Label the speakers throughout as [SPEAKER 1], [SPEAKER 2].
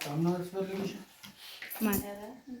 [SPEAKER 1] tamam anne söylemiş. Şey. Tamam. Evet.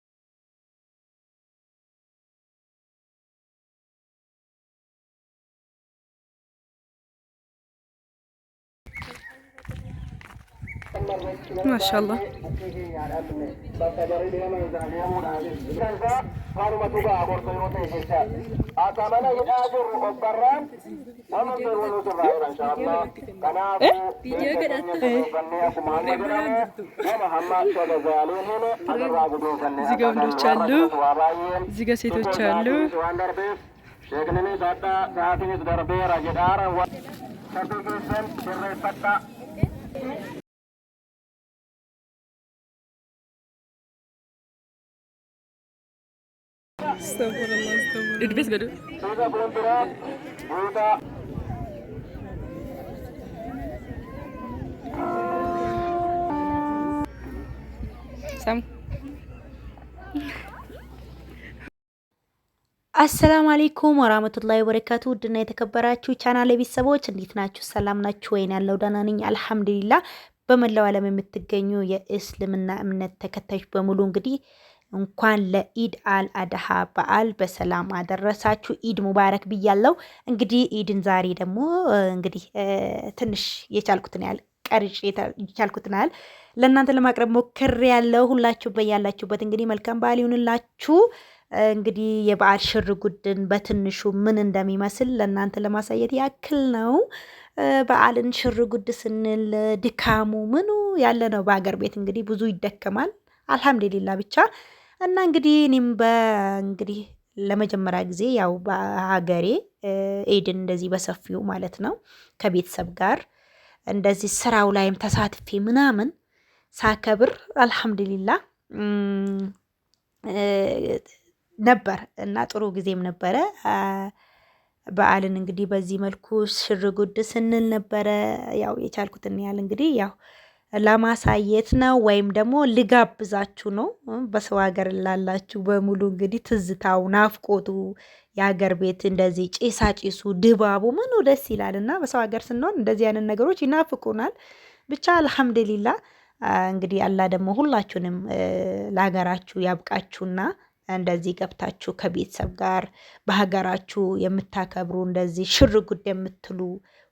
[SPEAKER 1] ማሻአላህ እዚህ ጋ ወንዶች አሉ፣ እዚህ ጋ ሴቶች አሉ።
[SPEAKER 2] እድቤት ገደ አሰላሙ አሌይኩም ወራህመቱላሂ ወበረካቱ። ውድና የተከበራችሁ ቻናል ቤተሰቦች እንዴት ናችሁ? ሰላም ናችሁ ወይን? ያለው ደህና ነኝ አልሐምዱሊላ። በመላው ዓለም የምትገኙ የእስልምና እምነት ተከታዮች በሙሉ እንግዲህ እንኳን ለኢድ አል አድሃ በዓል በሰላም አደረሳችሁ። ኢድ ሙባረክ ብያለው። እንግዲህ ኢድን ዛሬ ደግሞ እንግዲህ ትንሽ የቻልኩትን ያህል ቀርጭ የቻልኩትን ያህል ለእናንተ ለማቅረብ ሞክር ያለው። ሁላችሁ በያላችሁበት እንግዲህ መልካም በዓል ይሁንላችሁ። እንግዲህ የበዓል ሽር ጉድን በትንሹ ምን እንደሚመስል ለእናንተ ለማሳየት ያክል ነው። በዓልን ሽር ጉድ ስንል ድካሙ ምኑ ያለ ነው። በሀገር ቤት እንግዲህ ብዙ ይደከማል። አልሐምዱሊላ ብቻ እና እንግዲህ እኔም በእንግዲህ ለመጀመሪያ ጊዜ ያው በሀገሬ ኢድን እንደዚህ በሰፊው ማለት ነው ከቤተሰብ ጋር እንደዚህ ስራው ላይም ተሳትፌ ምናምን ሳከብር አልሐምዱሊላ ነበር እና ጥሩ ጊዜም ነበረ። በዓልን እንግዲህ በዚህ መልኩ ሽር ስንል ነበረ። ያው የቻልኩትን ያህል እንግዲህ ያው ለማሳየት ነው ወይም ደግሞ ልጋብዛችሁ ነው። በሰው ሀገር ላላችሁ በሙሉ እንግዲህ ትዝታው፣ ናፍቆቱ የሀገር ቤት እንደዚህ ጭሳ ጭሱ፣ ድባቡ ምኑ ደስ ይላል እና በሰው ሀገር ስንሆን እንደዚህ አይነት ነገሮች ይናፍቁናል። ብቻ አልሐምድሊላ እንግዲህ አላ ደግሞ ሁላችሁንም ለሀገራችሁ ያብቃችሁና እንደዚህ ገብታችሁ ከቤተሰብ ጋር በሀገራችሁ የምታከብሩ እንደዚህ ሽር ጉድ የምትሉ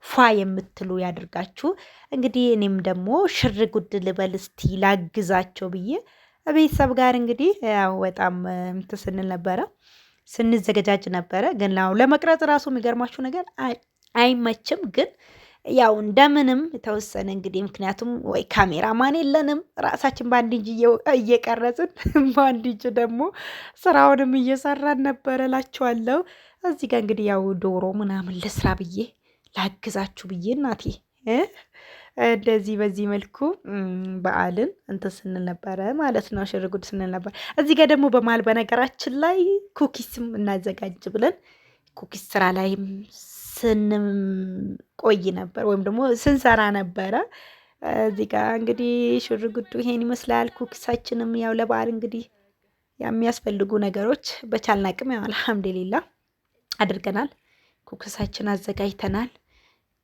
[SPEAKER 2] ፏ የምትሉ ያደርጋችሁ። እንግዲህ እኔም ደግሞ ሽር ጉድ ልበል እስቲ ላግዛቸው ብዬ ቤተሰብ ጋር እንግዲህ ያው በጣም እንትን ስንል ነበረ ስንዘገጃጅ ነበረ። ግን ለመቅረጽ ራሱ የሚገርማችሁ ነገር አይመችም ግን ያው እንደምንም የተወሰነ እንግዲህ ምክንያቱም ወይ ካሜራማን የለንም ራሳችን በአንድ እጅ እየቀረጽን በአንድ እጅ ደግሞ ስራውንም እየሰራን ነበረ እላችኋለሁ። እዚህ ጋር እንግዲህ ያው ዶሮ ምናምን ልስራ ብዬ ላግዛችሁ ብዬ እናቴ እንደዚህ በዚህ መልኩ በዓልን እንትን ስንል ነበረ ማለት ነው። ሽርጉድ ስንል ነበር። እዚህ ጋር ደግሞ በመሀል በነገራችን ላይ ኩኪስም እናዘጋጅ ብለን ኩኪስ ስራ ላይም ስንቆይ ነበር ወይም ደግሞ ስንሰራ ነበረ። እዚህ ጋ እንግዲህ ሹር ጉዱ ይሄን ይመስላል። ኩኪሳችንም ያው ለበዓል እንግዲህ የሚያስፈልጉ ነገሮች በቻልን አቅም ያው አልሐምዱሊላ አድርገናል። ኩኪሳችን አዘጋጅተናል።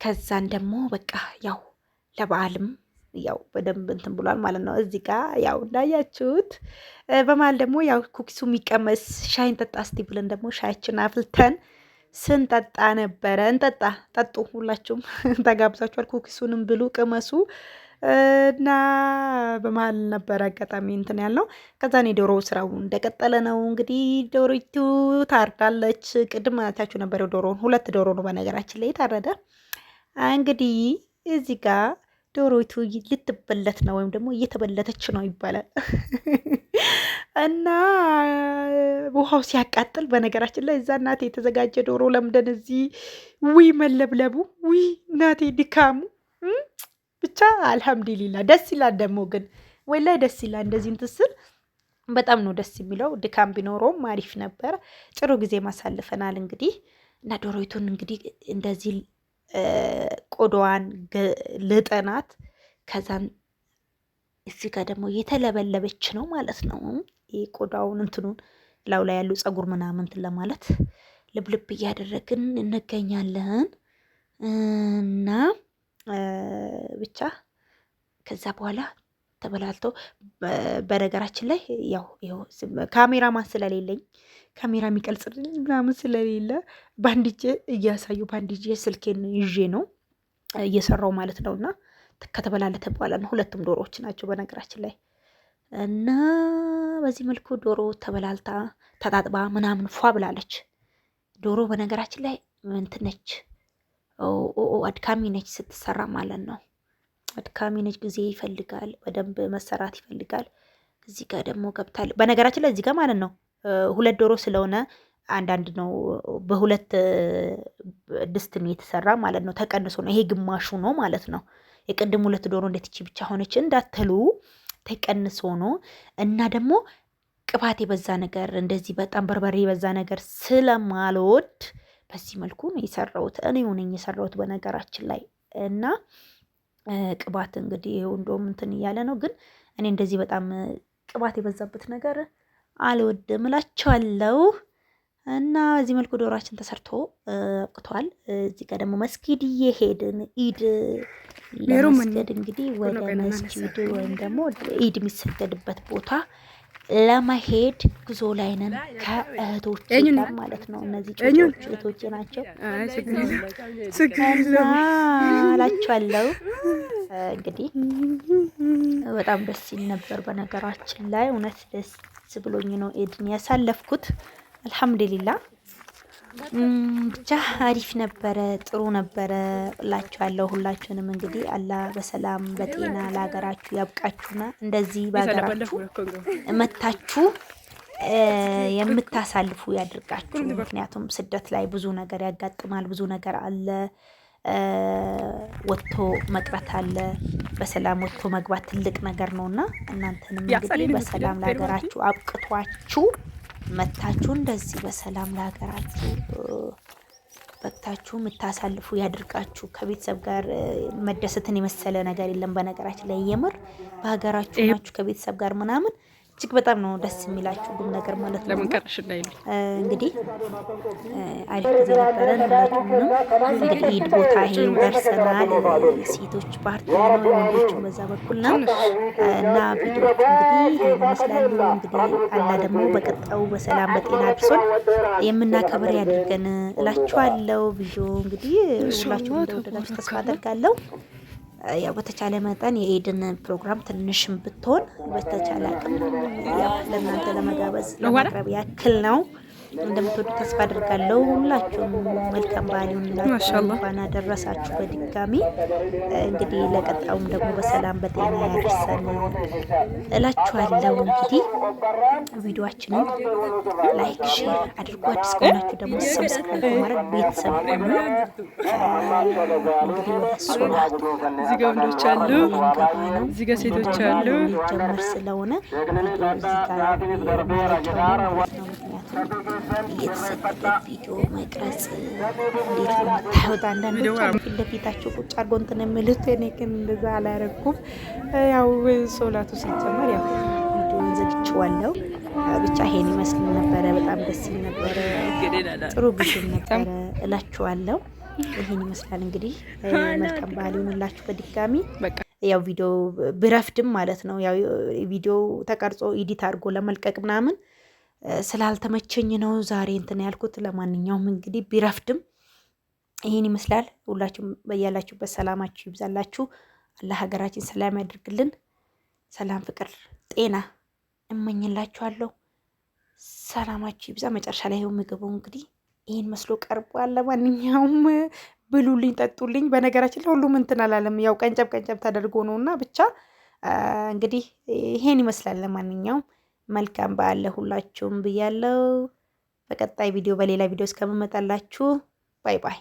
[SPEAKER 2] ከዛን ደግሞ በቃ ያው ለበዓልም ያው በደንብ እንትን ብሏል ማለት ነው። እዚህ ጋ ያው እንዳያችሁት በመሀል ደግሞ ያው ኩኪሱ የሚቀመስ ሻይን ጠጣ እስቲ ብለን ደግሞ ሻያችን አፍልተን ስንጠጣ ነበረ። እንጠጣ ጠጡ፣ ሁላችሁም ተጋብዛችኋል። ኩኪሱንም ብሉ፣ ቅመሱ እና በመሀል ነበረ አጋጣሚ እንትን ያለው። ከዛ እኔ ዶሮ ስራው እንደቀጠለ ነው። እንግዲህ ዶሮቱ ታርዳለች። ቅድም አታችሁ ነበር ዶሮን፣ ሁለት ዶሮ ነው በነገራችን ላይ ታረደ። እንግዲህ እዚህ ጋር ዶሮቱ ልትበለት ነው ወይም ደግሞ እየተበለተች ነው ይባላል እና ውሃው ሲያቃጥል፣ በነገራችን ላይ እዛ እናቴ የተዘጋጀ ዶሮ ለምደን እዚህ ዊ መለብለቡ ዊ እናቴ ድካሙ ብቻ አልሐምዲሊላ ደስ ይላል። ደግሞ ግን ወይ ላይ ደስ ይላል እንደዚህ እንትን ስል በጣም ነው ደስ የሚለው። ድካም ቢኖረውም አሪፍ ነበር። ጥሩ ጊዜ ማሳልፈናል። እንግዲህ እና ዶሮይቱን እንግዲህ እንደዚህ ቆዳዋን ልጠናት፣ ከዛን እዚህ ጋር ደግሞ የተለበለበች ነው ማለት ነው። ቆዳውን እንትኑን ላው ላይ ያሉ ጸጉር ምናምንትን ለማለት ልብልብ እያደረግን እንገኛለን እና ብቻ ከዛ በኋላ ተበላልተው በነገራችን ላይ ያው ካሜራማን ስለሌለኝ ካሜራ የሚቀልጽልኝ ምናምን ስለሌለ ባንዲጄ እያሳዩ ባንዲጄ ስልኬን ይዤ ነው እየሰራው ማለት ነው። እና ከተበላለተ በኋላ ነው። ሁለቱም ዶሮዎች ናቸው በነገራችን ላይ እና በዚህ መልኩ ዶሮ ተበላልታ ተጣጥባ ምናምን ፏ ብላለች። ዶሮ በነገራችን ላይ እንትን ነች፣ አድካሚ ነች ስትሰራ ማለት ነው። አድካሚ ነች፣ ጊዜ ይፈልጋል፣ በደንብ መሰራት ይፈልጋል። እዚህ ጋር ደግሞ ገብታል። በነገራችን ላይ እዚህ ጋር ማለት ነው ሁለት ዶሮ ስለሆነ አንዳንድ ነው በሁለት ድስት ነው የተሰራ ማለት ነው። ተቀንሶ ነው ይሄ ግማሹ ነው ማለት ነው። የቅድም ሁለት ዶሮ እንዴት ይቺ ብቻ ሆነች እንዳትሉ ተቀንሶ ነው እና ደግሞ ቅባት የበዛ ነገር እንደዚህ በጣም በርበሬ የበዛ ነገር ስለማልወድ በዚህ መልኩ ነው የሰራሁት። እኔ ሆነኝ የሰራሁት በነገራችን ላይ እና ቅባት እንግዲህ ይኸው እንደውም እንትን እያለ ነው፣ ግን እኔ እንደዚህ በጣም ቅባት የበዛበት ነገር አልወድም እላቸዋለሁ። እና በዚህ መልኩ ዶሯችን ተሰርቶ አብቅቷል። እዚህ ጋር ደግሞ መስጊድ እየሄድን ኢድ ለመስገድ እንግዲህ ወደ መስጊድ ወይም ደግሞ ኢድ የሚሰገድበት ቦታ ለመሄድ ጉዞ ላይ ነን ከእህቶች ጋር ማለት ነው። እነዚህ ጩጮች እህቶቼ ናቸው እና እላቸዋለሁ እንግዲህ በጣም ደስ ይል ነበር። በነገራችን ላይ እውነት ደስ ብሎኝ ነው ኢድን ያሳለፍኩት። አልሐምዱሊላ ብቻ አሪፍ ነበረ፣ ጥሩ ነበረ ያለው ሁላችሁንም እንግዲህ አላህ በሰላም በጤና ለሀገራችሁ ያብቃችሁና እንደዚህ በሀገራችሁ መታችሁ የምታሳልፉ ያድርጋችሁ። ምክንያቱም ስደት ላይ ብዙ ነገር ያጋጥማል፣ ብዙ ነገር አለ፣ ወጥቶ መቅረት አለ። በሰላም ወጥቶ መግባት ትልቅ ነገር ነውና እናንተንም እንግዲህ በሰላም ለሀገራችሁ አብቅቷችሁ መታችሁ እንደዚህ በሰላም ለሀገራችሁ በቅታችሁ የምታሳልፉ ያድርጋችሁ። ከቤተሰብ ጋር መደሰትን የመሰለ ነገር የለም። በነገራችን ላይ የምር በሀገራችሁ ናችሁ ከቤተሰብ ጋር ምናምን እጅግ በጣም ነው ደስ የሚላችሁ ሁሉም ነገር ማለት ነው። ለመንቀረሽ እንዳይልኝ እንግዲህ አሪፍ ጊዜ ነበረ ሁላችሁንም። እንግዲህ ኢድ ቦታ ይሄን ደርሰናል። ሴቶች ፓርቲ ነው ወንዶችም በዛ በኩል ነው እና ቪዲዮ እንግዲህ ይመስላሉ። እንግዲህ አላ ደግሞ በቀጣው በሰላም በጤና አድርሶን የምናከብር ያድርገን እላችኋለሁ። ቪዲዮ እንግዲህ ሁላችሁ እንደወደዳችሁ ተስፋ አደርጋለሁ። ያው በተቻለ መጠን የኤድን ፕሮግራም ትንሽም ብትሆን በተቻለ አቅም ለእናንተ ለመጋበዝ ለማቅረብ ያክል ነው። እንደምትወዱ ተስፋ አድርጋለሁ። ሁላችሁም መልካም በዓል ይሁንላችሁ። እንኳን አደረሳችሁ በድጋሚ እንግዲህ ለቀጣውም ደግሞ በሰላም በጤና ያደርሰን እላችኋለሁ። እንግዲህ ቪዲዮችንን ላይክ፣ ሼር አድርጎ አዲስ ከሆናችሁ ደግሞ ሰብስክራይብ በማድረግ ቤተሰብ ሆኑ። እንግዲህ እዚጋ ወንዶች አሉ፣ እዚጋ ሴቶች አሉ። ጀመር ስለሆነ ዚጋ ምክንያቱም የተሰጠ ቪዲዮ መቅረጽ እንዴት ነው የምታዩት? አንዳንዶች ፊት ለፊታቸው ቁጭ አድርጎ እንትን የሚሉት እኔ ግን እንደዛ አላረኩም። ያው ሶላቱ ሲጀመር ያው ቪዲዮን ዘግቼዋለሁ። ብቻ ይሄን ይመስል ነበረ። በጣም ደስ ይል ነበረ። ጥሩ ጊዜ ነበረ እላችኋለሁ። ይህን ይመስላል እንግዲህ። መልካም ባህል ይሆንላችሁ። በድጋሚ ያው ቪዲዮ ብረፍድም ማለት ነው ያው ቪዲዮ ተቀርጾ ኢዲት አድርጎ ለመልቀቅ ምናምን ስላልተመቸኝ ነው ዛሬ እንትን ያልኩት። ለማንኛውም እንግዲህ ቢረፍድም ይህን ይመስላል። ሁላችሁም በያላችሁበት ሰላማችሁ ይብዛላችሁ። አላህ ሀገራችን ሰላም ያድርግልን። ሰላም፣ ፍቅር፣ ጤና እመኝላችኋለሁ። ሰላማችሁ ይብዛ። መጨረሻ ላይ ይኸው ምግቡ እንግዲህ ይህን መስሎ ቀርቧል። ለማንኛውም ብሉልኝ፣ ጠጡልኝ። በነገራችን ላይ ሁሉም እንትን አላለም፣ ያው ቀንጨብ ቀንጨብ ተደርጎ ነው እና ብቻ እንግዲህ ይሄን ይመስላል። ለማንኛውም መልካም በዓል ለሁላችሁም ብያለሁ። በቀጣይ ቪዲዮ በሌላ ቪዲዮ እስከምመጣላችሁ ባይ ባይ።